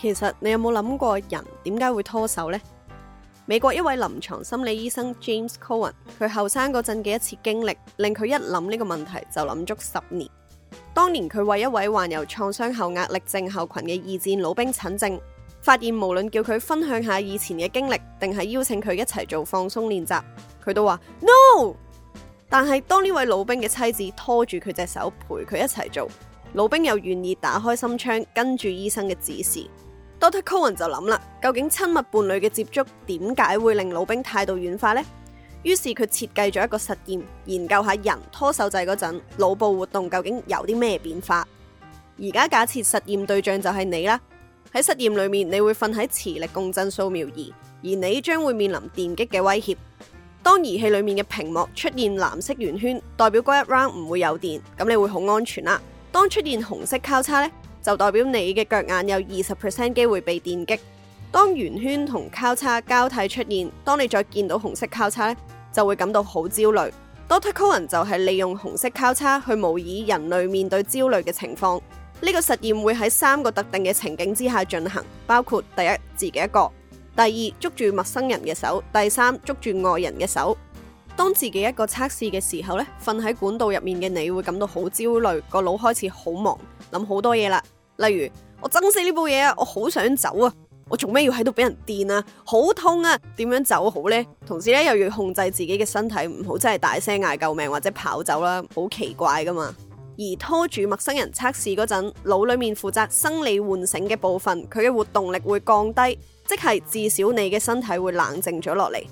其實你有冇諗過人點解會拖手呢？美國一位臨床心理醫生 James Coan 佢後生嗰陣嘅一次經歷，令佢一諗呢個問題就諗足十年。當年佢為一位患有創傷後壓力症候群嘅二戰老兵診症，發現無論叫佢分享下以前嘅經歷，定係邀請佢一齊做放鬆練習，佢都話 No。但係當呢位老兵嘅妻子拖住佢隻手陪佢一齊做，老兵又願意打開心窗跟住醫生嘅指示。Dr. Coan 就諗啦，究竟親密伴侶嘅接觸點解會令老兵態度軟化呢？於是佢設計咗一個實驗，研究下人拖手仔嗰陣腦部活動究竟有啲咩變化。而家假設實驗對象就係你啦，喺實驗裏面你會瞓喺磁力共振掃描儀，而你將會面臨電擊嘅威脅。當儀器裏面嘅屏幕出現藍色圓圈，代表嗰一 round 唔會有電，咁你會好安全啦。當出現紅色交叉呢，就代表你嘅腳眼有二十 percent 機會被電擊。當圓圈同交叉交替出現，當你再見到紅色交叉咧，就會感到好焦慮。Doctor Coan 就係利用紅色交叉去模擬人類面對焦慮嘅情況。呢個實驗會喺三個特定嘅情景之下進行，包括第一自己一個，第二捉住陌生人嘅手，第三捉住愛人嘅手。當自己一個測試嘅時候咧，瞓喺管道入面嘅你會感到好焦慮，個腦開始好忙，諗好多嘢啦。例如，我憎死呢部嘢啊！我好想走啊！我做咩要喺度俾人電啊？好痛啊！點樣走好呢？同時咧，又要控制自己嘅身體唔好真係大聲嗌救命或者跑走啦、啊，好奇怪噶嘛！而拖住陌生人測試嗰陣，腦裏面負責生理喚醒嘅部分，佢嘅活動力會降低，即係至少你嘅身體會冷靜咗落嚟。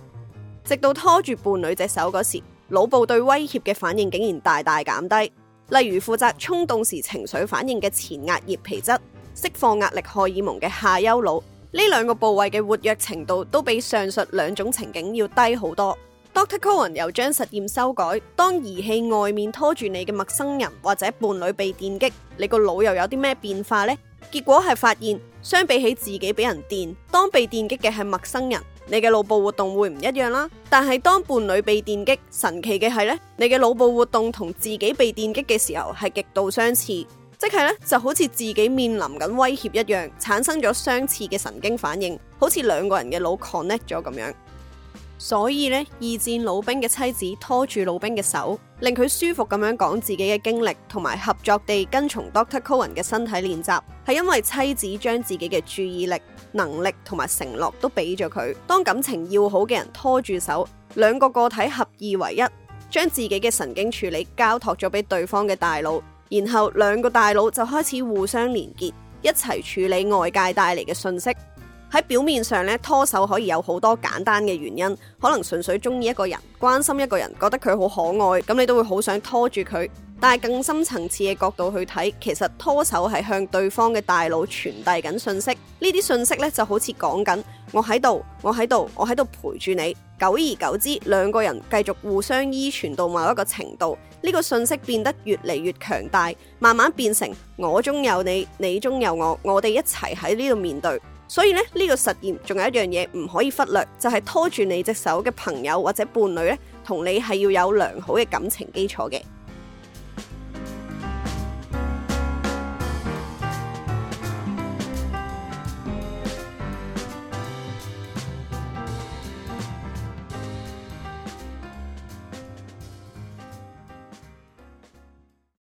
直到拖住伴侶隻手嗰時，腦部對威脅嘅反應竟然大大減低。例如負責衝動時情緒反應嘅前額葉皮質，釋放壓力荷爾蒙嘅下丘腦，呢兩個部位嘅活躍程度都比上述兩種情景要低好多。Dr. Coan 又將實驗修改，當儀器外面拖住你嘅陌生人或者伴侶被電擊，你個腦又有啲咩變化呢？結果係發現，相比起自己俾人電，當被電擊嘅係陌生人，你嘅腦部活動會唔一樣啦。但係當伴侶被電擊，神奇嘅係咧，你嘅腦部活動同自己被電擊嘅時候係極度相似，即係咧就好似自己面臨緊威脅一樣，產生咗相似嘅神經反應，好似兩個人嘅腦 connect 咗咁樣。所以咧，二戰老兵嘅妻子拖住老兵嘅手，令佢舒服咁樣講自己嘅經歷，同埋合作地跟從 Doctor Coan 嘅身體練習，係因為妻子將自己嘅注意力、能力同埋承諾都俾咗佢。當感情要好嘅人拖住手，兩個個體合二為一，將自己嘅神經處理交託咗俾對方嘅大腦，然後兩個大腦就開始互相連結，一齊處理外界帶嚟嘅信息。喺表面上咧，拖手可以有好多簡單嘅原因，可能純粹中意一個人，關心一個人，覺得佢好可愛，咁你都會好想拖住佢。但係更深層次嘅角度去睇，其實拖手係向對方嘅大腦傳遞緊信息。呢啲信息咧就好似講緊我喺度，我喺度，我喺度陪住你。久而久之，兩個人繼續互相依存到某一個程度，呢個信息變得越嚟越強大，慢慢變成我中有你，你中有我，我哋一齊喺呢度面對。所以咧，呢個實驗仲有一樣嘢唔可以忽略，就係拖住你隻手嘅朋友或者伴侶咧，同你係要有良好嘅感情基礎嘅。